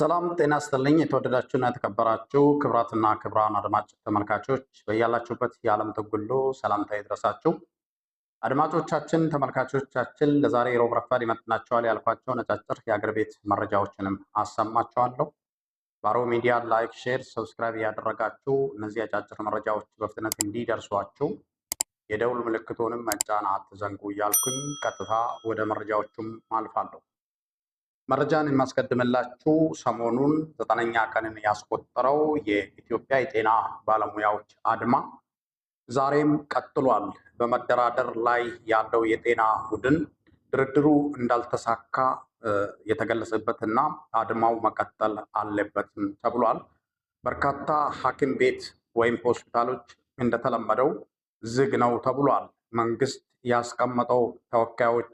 ሰላም ጤና ይስጥልኝ። የተወደዳችሁና የተከበራችሁ ክብራትና ክብራን አድማጭ ተመልካቾች በያላችሁበት የዓለም ትጉሉ ሰላምታ ይድረሳችሁ። አድማጮቻችን፣ ተመልካቾቻችን ለዛሬ ሮብ ረፋድ ይመጥናቸዋል ያልኳቸው ነጫጭር የአገር ቤት መረጃዎችንም አሰማችኋለሁ። ባሮ ሚዲያ ላይክ፣ ሼር፣ ሰብስክራይብ እያደረጋችሁ እነዚህ አጫጭር መረጃዎች በፍጥነት እንዲደርሷችሁ የደውል ምልክቱንም መጫን አትዘንጉ እያልኩኝ ቀጥታ ወደ መረጃዎቹም አልፋለሁ። መረጃን የማስቀድምላችሁ ሰሞኑን ዘጠነኛ ቀንን ያስቆጠረው የኢትዮጵያ የጤና ባለሙያዎች አድማ ዛሬም ቀጥሏል። በመደራደር ላይ ያለው የጤና ቡድን ድርድሩ እንዳልተሳካ የተገለጸበትና አድማው መቀጠል አለበትም ተብሏል። በርካታ ሐኪም ቤት ወይም ሆስፒታሎች እንደተለመደው ዝግ ነው ተብሏል። መንግስት ያስቀመጠው ተወካዮች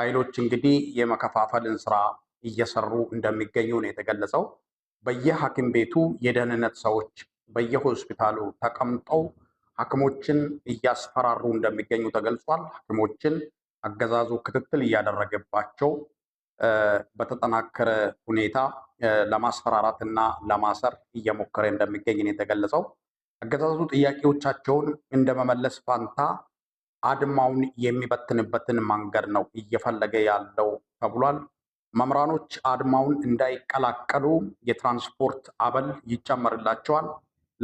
ኃይሎች እንግዲህ የመከፋፈልን ስራ እየሰሩ እንደሚገኙ ነው የተገለጸው። በየሐኪም ቤቱ የደህንነት ሰዎች በየሆስፒታሉ ተቀምጠው ሐኪሞችን እያስፈራሩ እንደሚገኙ ተገልጿል። ሐኪሞችን አገዛዙ ክትትል እያደረገባቸው በተጠናከረ ሁኔታ ለማስፈራራት እና ለማሰር እየሞከረ እንደሚገኝ ነው የተገለጸው። አገዛዙ ጥያቄዎቻቸውን እንደመመለስ ፋንታ አድማውን የሚበትንበትን መንገድ ነው እየፈለገ ያለው ተብሏል። መምህራኖች አድማውን እንዳይቀላቀሉ የትራንስፖርት አበል ይጨመርላቸዋል።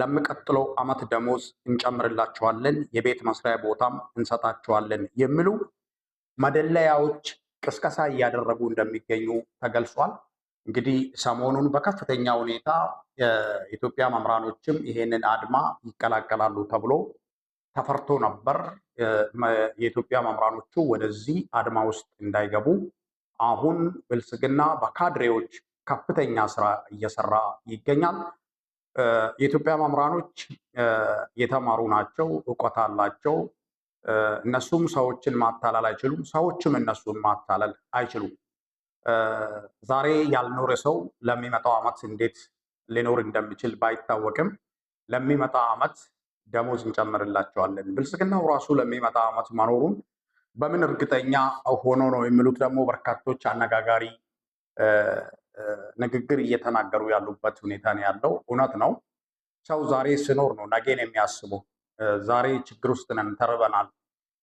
ለሚቀጥለው ዓመት ደሞዝ እንጨምርላቸዋለን፣ የቤት መስሪያ ቦታም እንሰጣቸዋለን የሚሉ መደለያዎች ቅስቀሳ እያደረጉ እንደሚገኙ ተገልጿል። እንግዲህ ሰሞኑን በከፍተኛ ሁኔታ የኢትዮጵያ መምህራኖችም ይሄንን አድማ ይቀላቀላሉ ተብሎ ተፈርቶ ነበር። የኢትዮጵያ መምራኖቹ ወደዚህ አድማ ውስጥ እንዳይገቡ አሁን ብልጽግና በካድሬዎች ከፍተኛ ስራ እየሰራ ይገኛል። የኢትዮጵያ መምራኖች የተማሩ ናቸው፣ እውቀት አላቸው። እነሱም ሰዎችን ማታለል አይችሉም፣ ሰዎችም እነሱን ማታለል አይችሉም። ዛሬ ያልኖረ ሰው ለሚመጣው ዓመት እንዴት ሊኖር እንደሚችል ባይታወቅም ለሚመጣ ዓመት ደሞዝ እንጨምርላቸዋለን። ብልጽግናው ራሱ ለሚመጣ ዓመት መኖሩን በምን እርግጠኛ ሆኖ ነው የሚሉት ደግሞ በርካቶች አነጋጋሪ ንግግር እየተናገሩ ያሉበት ሁኔታ ነው ያለው። እውነት ነው። ሰው ዛሬ ስኖር ነው ነገን የሚያስበው። ዛሬ ችግር ውስጥ ነን፣ ተርበናል።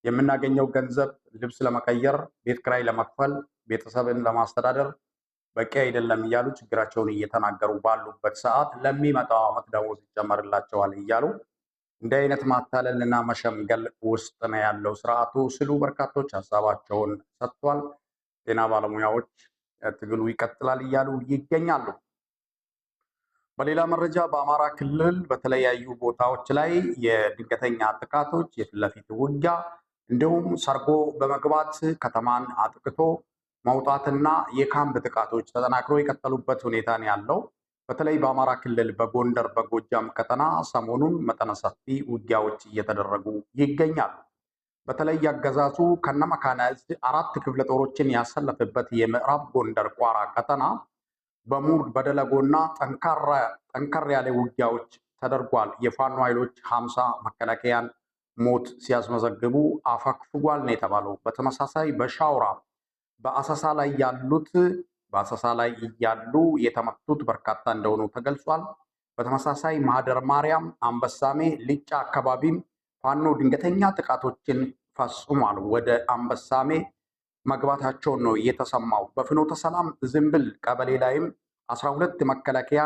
የምናገኘው ገንዘብ ልብስ ለመቀየር፣ ቤት ክራይ ለመክፈል፣ ቤተሰብን ለማስተዳደር በቂ አይደለም እያሉ ችግራቸውን እየተናገሩ ባሉበት ሰዓት ለሚመጣው ዓመት ደሞዝ ይጨመርላቸዋል እያሉ እንዲህ አይነት ማታለልና መሸምገል ውስጥ ነው ያለው ስርዓቱ ሲሉ በርካቶች ሀሳባቸውን ሰጥቷል። ጤና ባለሙያዎች ትግሉ ይቀጥላል እያሉ ይገኛሉ። በሌላ መረጃ በአማራ ክልል በተለያዩ ቦታዎች ላይ የድንገተኛ ጥቃቶች፣ የፊት ለፊት ውጊያ እንዲሁም ሰርጎ በመግባት ከተማን አጥቅቶ መውጣትና የካምፕ ጥቃቶች ተጠናክሮ የቀጠሉበት ሁኔታን ያለው በተለይ በአማራ ክልል በጎንደር በጎጃም ቀጠና ሰሞኑን መጠነ ሰፊ ውጊያዎች እየተደረጉ ይገኛሉ። በተለይ አገዛዙ ከነመካናይዝ አራት ክፍለ ጦሮችን ያሰለፈበት የምዕራብ ጎንደር ቋራ ቀጠና በሙር በደለጎና ጠንከር ያለ ውጊያዎች ተደርጓል። የፋኖ ኃይሎች ሀምሳ መከላከያን ሞት ሲያስመዘግቡ አፈክፍጓል ነው የተባለው። በተመሳሳይ በሻውራ በአሰሳ ላይ ያሉት በአሰሳ ላይ እያሉ የተመቱት በርካታ እንደሆኑ ተገልጿል። በተመሳሳይ ማህደር ማርያም፣ አንበሳሜ፣ ሊጫ አካባቢም ፋኖ ድንገተኛ ጥቃቶችን ፈጽሟል። ወደ አንበሳሜ መግባታቸውን ነው የተሰማው። በፍኖተ ሰላም ዝንብል ቀበሌ ላይም አስራ ሁለት መከላከያ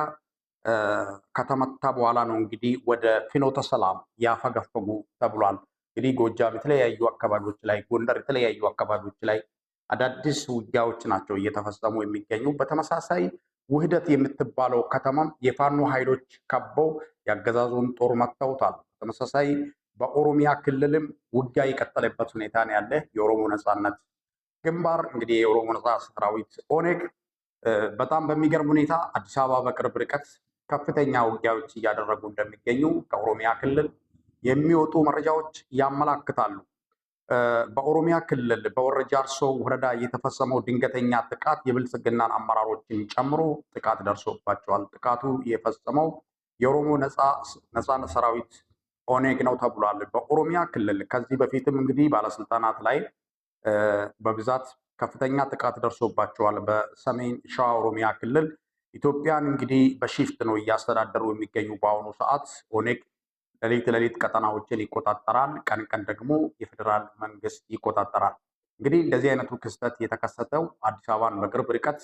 ከተመታ በኋላ ነው እንግዲህ ወደ ፍኖተ ሰላም ያፈገፈጉ ተብሏል። እንግዲህ ጎጃም የተለያዩ አካባቢዎች ላይ፣ ጎንደር የተለያዩ አካባቢዎች ላይ አዳዲስ ውጊያዎች ናቸው እየተፈጸሙ የሚገኙ። በተመሳሳይ ውህደት የምትባለው ከተማም የፋኖ ኃይሎች ከበው የአገዛዙን ጦር መትተውታል። በተመሳሳይ በኦሮሚያ ክልልም ውጊያ የቀጠለበት ሁኔታ ነው ያለ። የኦሮሞ ነጻነት ግንባር እንግዲህ የኦሮሞ ነጻነት ሰራዊት ኦኔግ በጣም በሚገርም ሁኔታ አዲስ አበባ በቅርብ ርቀት ከፍተኛ ውጊያዎች እያደረጉ እንደሚገኙ ከኦሮሚያ ክልል የሚወጡ መረጃዎች ያመላክታሉ። በኦሮሚያ ክልል በወረጃ አርሶ ወረዳ የተፈጸመው ድንገተኛ ጥቃት የብልጽግናን አመራሮችን ጨምሮ ጥቃት ደርሶባቸዋል። ጥቃቱ የፈጸመው የኦሮሞ ነፃ ሰራዊት ኦኔግ ነው ተብሏል። በኦሮሚያ ክልል ከዚህ በፊትም እንግዲህ ባለስልጣናት ላይ በብዛት ከፍተኛ ጥቃት ደርሶባቸዋል። በሰሜን ሸዋ ኦሮሚያ ክልል ኢትዮጵያን እንግዲህ በሺፍት ነው እያስተዳደሩ የሚገኙ በአሁኑ ሰዓት ኦኔግ ሌሊት ሌሊት ቀጠናዎችን ይቆጣጠራል፣ ቀን ቀን ደግሞ የፌዴራል መንግስት ይቆጣጠራል። እንግዲህ እንደዚህ አይነቱ ክስተት የተከሰተው አዲስ አበባን በቅርብ ርቀት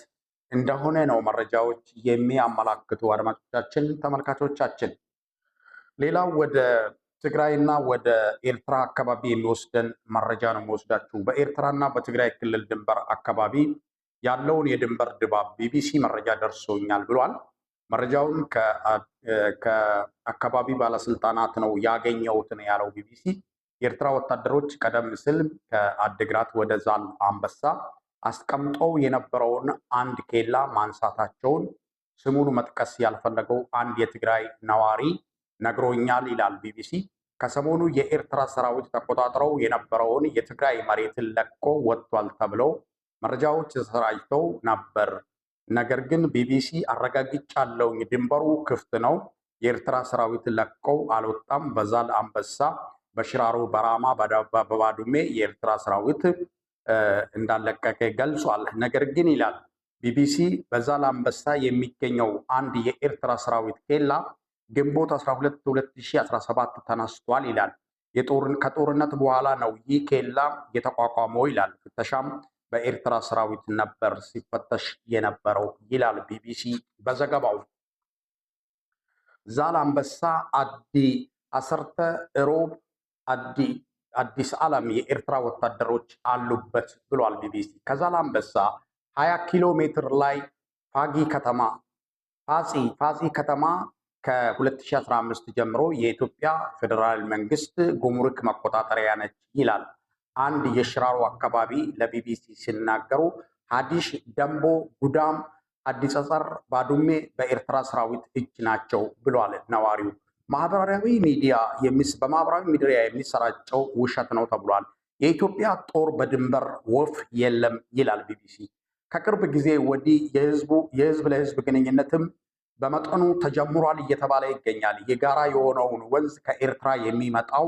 እንደሆነ ነው መረጃዎች የሚያመላክቱ። አድማጮቻችን፣ ተመልካቾቻችን ሌላው ወደ ትግራይና ወደ ኤርትራ አካባቢ የሚወስደን መረጃ ነው የሚወስዳችሁ። በኤርትራና በትግራይ ክልል ድንበር አካባቢ ያለውን የድንበር ድባብ ቢቢሲ መረጃ ደርሶኛል ብሏል። መረጃውን ከአካባቢ ባለስልጣናት ነው ያገኘሁት ነው ያለው ቢቢሲ። የኤርትራ ወታደሮች ቀደም ሲል ከአድግራት ወደ ዛል አንበሳ አስቀምጠው የነበረውን አንድ ኬላ ማንሳታቸውን ስሙን መጥቀስ ያልፈለገው አንድ የትግራይ ነዋሪ ነግሮኛል ይላል ቢቢሲ። ከሰሞኑ የኤርትራ ሰራዊት ተቆጣጥረው የነበረውን የትግራይ መሬትን ለቆ ወጥቷል ተብለው መረጃዎች ተሰራጭተው ነበር ነገር ግን ቢቢሲ አረጋግጫለሁኝ፣ ድንበሩ ክፍት ነው፣ የኤርትራ ሰራዊት ለቀው አልወጣም፣ በዛል አንበሳ፣ በሽራሮ፣ በራማ፣ በባዱሜ የኤርትራ ሰራዊት እንዳለቀቀ ገልጿል። ነገር ግን ይላል ቢቢሲ በዛል አንበሳ የሚገኘው አንድ የኤርትራ ሰራዊት ኬላ ግንቦት 12 2017 ተነስቷል ይላል። ከጦርነት በኋላ ነው ይህ ኬላ የተቋቋመው ይላል። ፍተሻም በኤርትራ ሰራዊት ነበር ሲፈተሽ የነበረው ይላል ቢቢሲ በዘገባው። ዛላምበሳ አዲ አሰርተ ሮብ አዲ አዲስ ዓለም የኤርትራ ወታደሮች አሉበት ብሏል ቢቢሲ። ከዛላምበሳ 20 ኪሎ ሜትር ላይ ፋጊ ከተማ ፋጺ ፋጺ ከተማ ከ2015 ጀምሮ የኢትዮጵያ ፌዴራል መንግስት ጉምሩክ መቆጣጠሪያ ነች ይላል አንድ የሽራሮ አካባቢ ለቢቢሲ ሲናገሩ ሀዲሽ፣ ደንቦ፣ ጉዳም፣ አዲስ ጸር፣ ባዱሜ በኤርትራ ሰራዊት እጅ ናቸው ብሏል ነዋሪው። ማህበራዊ ሚዲያ በማህበራዊ ሚዲያ የሚሰራጨው ውሸት ነው ተብሏል። የኢትዮጵያ ጦር በድንበር ወፍ የለም ይላል ቢቢሲ። ከቅርብ ጊዜ ወዲህ የህዝብ ለህዝብ ግንኙነትም በመጠኑ ተጀምሯል እየተባለ ይገኛል። የጋራ የሆነውን ወንዝ ከኤርትራ የሚመጣው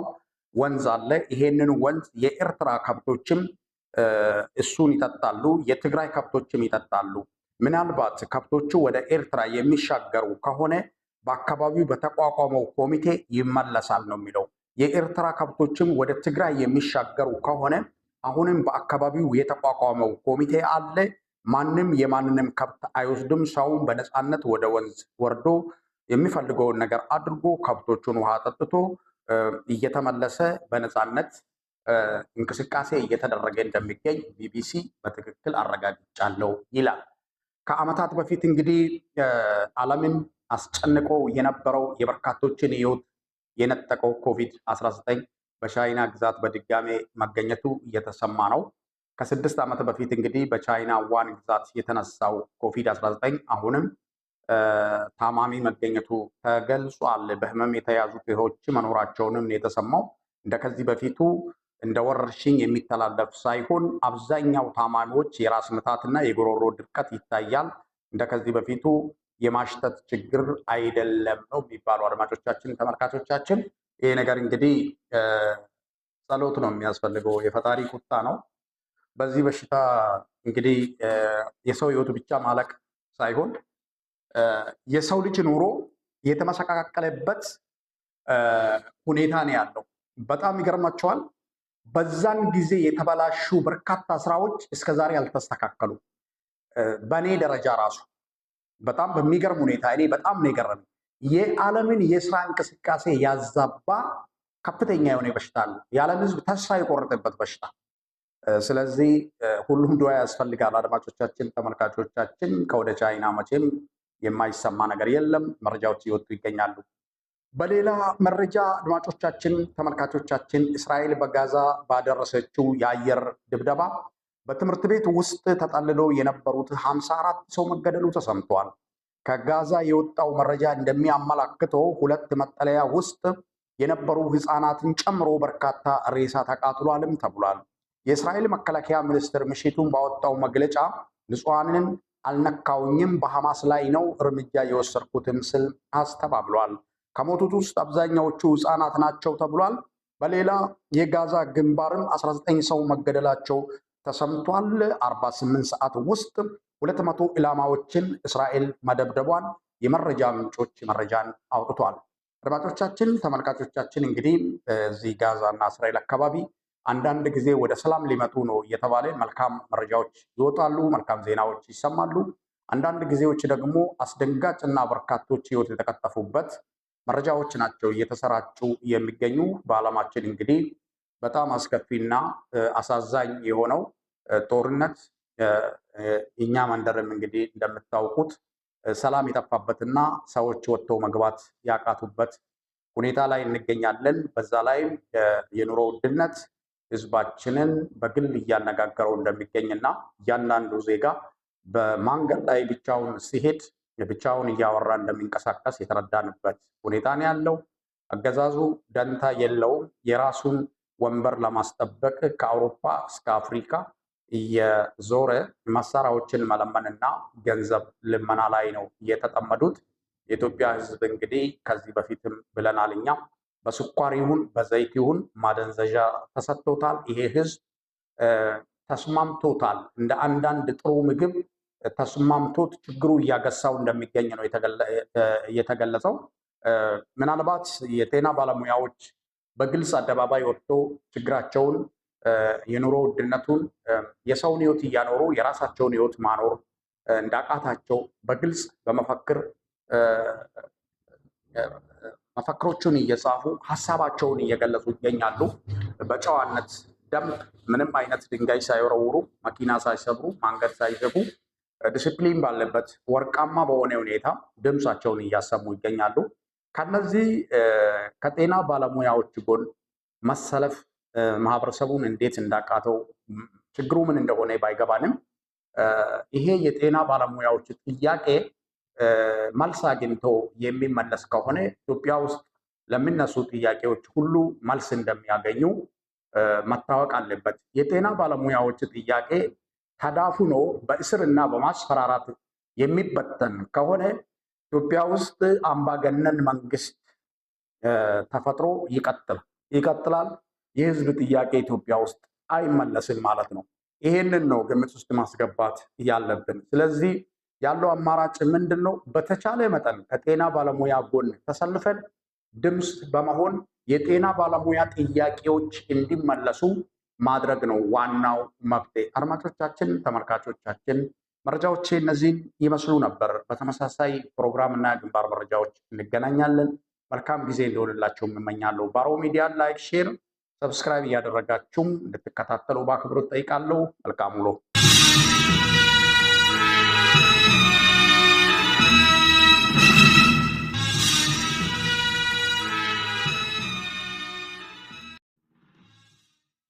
ወንዝ አለ። ይሄንን ወንዝ የኤርትራ ከብቶችም እሱን ይጠጣሉ፣ የትግራይ ከብቶችም ይጠጣሉ። ምናልባት ከብቶቹ ወደ ኤርትራ የሚሻገሩ ከሆነ በአካባቢው በተቋቋመው ኮሚቴ ይመለሳል ነው የሚለው። የኤርትራ ከብቶችም ወደ ትግራይ የሚሻገሩ ከሆነ አሁንም በአካባቢው የተቋቋመው ኮሚቴ አለ። ማንም የማንንም ከብት አይወስድም። ሰውም በነፃነት ወደ ወንዝ ወርዶ የሚፈልገውን ነገር አድርጎ ከብቶቹን ውሃ ጠጥቶ እየተመለሰ በነፃነት እንቅስቃሴ እየተደረገ እንደሚገኝ ቢቢሲ በትክክል አረጋግጫለሁ ይላል። ከዓመታት በፊት እንግዲህ ዓለምን አስጨንቆ የነበረው የበርካቶችን ሕይወት የነጠቀው ኮቪድ 19 በቻይና ግዛት በድጋሜ መገኘቱ እየተሰማ ነው። ከስድስት ዓመት በፊት እንግዲህ በቻይና ዋን ግዛት የተነሳው ኮቪድ 19 አሁንም ታማሚ መገኘቱ ተገልጿል። በህመም የተያዙ ጤዎች መኖራቸውንም የተሰማው እንደከዚህ በፊቱ እንደ ወረርሽኝ የሚተላለፍ ሳይሆን አብዛኛው ታማሚዎች የራስ ምታትና የጉሮሮ ድርቀት ይታያል። እንደከዚህ በፊቱ የማሽተት ችግር አይደለም ነው የሚባሉ። አድማጮቻችን፣ ተመልካቾቻችን ይሄ ነገር እንግዲህ ጸሎት ነው የሚያስፈልገው። የፈጣሪ ቁጣ ነው። በዚህ በሽታ እንግዲህ የሰው ህይወቱ ብቻ ማለቅ ሳይሆን የሰው ልጅ ኑሮ የተመሰቃቀለበት ሁኔታ ነው ያለው። በጣም ይገርማቸዋል። በዛን ጊዜ የተበላሹ በርካታ ስራዎች እስከዛሬ ያልተስተካከሉ በእኔ ደረጃ ራሱ በጣም በሚገርም ሁኔታ እኔ በጣም ነው የገረመኝ። የዓለምን የስራ እንቅስቃሴ ያዛባ ከፍተኛ የሆነ በሽታ አለ። የዓለም ሕዝብ ተስፋ የቆረጠበት በሽታ። ስለዚህ ሁሉም ድዋ ያስፈልጋል። አድማጮቻችን፣ ተመልካቾቻችን ከወደ ቻይና መቼም የማይሰማ ነገር የለም። መረጃዎች እየወጡ ይገኛሉ። በሌላ መረጃ አድማጮቻችን፣ ተመልካቾቻችን እስራኤል በጋዛ ባደረሰችው የአየር ድብደባ በትምህርት ቤት ውስጥ ተጠልለው የነበሩት 54 ሰው መገደሉ ተሰምቷል። ከጋዛ የወጣው መረጃ እንደሚያመላክተው ሁለት መጠለያ ውስጥ የነበሩ ህፃናትን ጨምሮ በርካታ ሬሳ ተቃጥሏልም ተብሏል። የእስራኤል መከላከያ ሚኒስትር ምሽቱን ባወጣው መግለጫ ንጹሐንን አልነካውኝም፣ በሐማስ ላይ ነው እርምጃ የወሰድኩትም ስል አስተባብሏል። ከሞቱት ውስጥ አብዛኛዎቹ ህፃናት ናቸው ተብሏል። በሌላ የጋዛ ግንባርም 19 ሰው መገደላቸው ተሰምቷል። 48 ሰዓት ውስጥ 200 ኢላማዎችን እስራኤል መደብደቧን የመረጃ ምንጮች መረጃን አውጥቷል። አድማጮቻችን፣ ተመልካቾቻችን እንግዲህ እዚህ ጋዛ እና እስራኤል አካባቢ አንዳንድ ጊዜ ወደ ሰላም ሊመጡ ነው እየተባለ መልካም መረጃዎች ይወጣሉ፣ መልካም ዜናዎች ይሰማሉ። አንዳንድ ጊዜዎች ደግሞ አስደንጋጭ እና በርካቶች ህይወት የተቀጠፉበት መረጃዎች ናቸው እየተሰራጩ የሚገኙ። በዓለማችን እንግዲህ በጣም አስከፊና አሳዛኝ የሆነው ጦርነት እኛ መንደርም እንግዲህ እንደምታውቁት ሰላም የጠፋበትና ሰዎች ወጥተው መግባት ያቃቱበት ሁኔታ ላይ እንገኛለን። በዛ ላይም የኑሮ ውድነት ህዝባችንን በግል እያነጋገረው እንደሚገኝና እያንዳንዱ ዜጋ በማንገድ ላይ ብቻውን ሲሄድ ብቻውን እያወራ እንደሚንቀሳቀስ የተረዳንበት ሁኔታ ነው ያለው። አገዛዙ ደንታ የለውም። የራሱን ወንበር ለማስጠበቅ ከአውሮፓ እስከ አፍሪካ እየዞረ መሳሪያዎችን መለመንና ገንዘብ ልመና ላይ ነው የተጠመዱት። የኢትዮጵያ ህዝብ እንግዲህ ከዚህ በፊትም ብለናል እኛም በስኳር ይሁን በዘይት ይሁን ማደንዘዣ ተሰጥቶታል። ይሄ ህዝብ ተስማምቶታል። እንደ አንዳንድ ጥሩ ምግብ ተስማምቶት ችግሩ እያገሳው እንደሚገኝ ነው የተገለጸው። ምናልባት የጤና ባለሙያዎች በግልጽ አደባባይ ወጥቶ ችግራቸውን፣ የኑሮ ውድነቱን፣ የሰውን ህይወት እያኖሩ የራሳቸውን ህይወት ማኖር እንዳቃታቸው በግልጽ በመፈክር መፈክሮቹን እየጻፉ ሀሳባቸውን እየገለጹ ይገኛሉ። በጨዋነት ደንብ ምንም አይነት ድንጋይ ሳይወረውሩ፣ መኪና ሳይሰብሩ፣ ማንገድ ሳይዘጉ፣ ዲስፕሊን ባለበት ወርቃማ በሆነ ሁኔታ ድምፃቸውን እያሰሙ ይገኛሉ። ከነዚህ ከጤና ባለሙያዎች ጎን መሰለፍ ማህበረሰቡን እንዴት እንዳቃተው ችግሩ ምን እንደሆነ ባይገባንም ይሄ የጤና ባለሙያዎች ጥያቄ መልስ አግኝቶ የሚመለስ ከሆነ ኢትዮጵያ ውስጥ ለሚነሱ ጥያቄዎች ሁሉ መልስ እንደሚያገኙ መታወቅ አለበት። የጤና ባለሙያዎች ጥያቄ ተዳፍኖ በእስርና በማስፈራራት የሚበተን ከሆነ ኢትዮጵያ ውስጥ አምባገነን መንግስት ተፈጥሮ ይቀጥላል ይቀጥላል። የህዝብ ጥያቄ ኢትዮጵያ ውስጥ አይመለስም ማለት ነው። ይሄንን ነው ግምት ውስጥ ማስገባት ያለብን። ስለዚህ ያለው አማራጭ ምንድን ነው? በተቻለ መጠን ከጤና ባለሙያ ጎን ተሰልፈን ድምፅ በመሆን የጤና ባለሙያ ጥያቄዎች እንዲመለሱ ማድረግ ነው ዋናው መፍትሄ። አድማጮቻችን፣ ተመልካቾቻችን መረጃዎች እነዚህን ይመስሉ ነበር። በተመሳሳይ ፕሮግራምና ግንባር መረጃዎች እንገናኛለን። መልካም ጊዜ እንደሆንላቸው እመኛለሁ። ባሮ ሚዲያ ላይክ፣ ሼር፣ ሰብስክራይብ እያደረጋችሁም እንድትከታተሉ በአክብሮት ጠይቃለሁ። መልካም ውሎ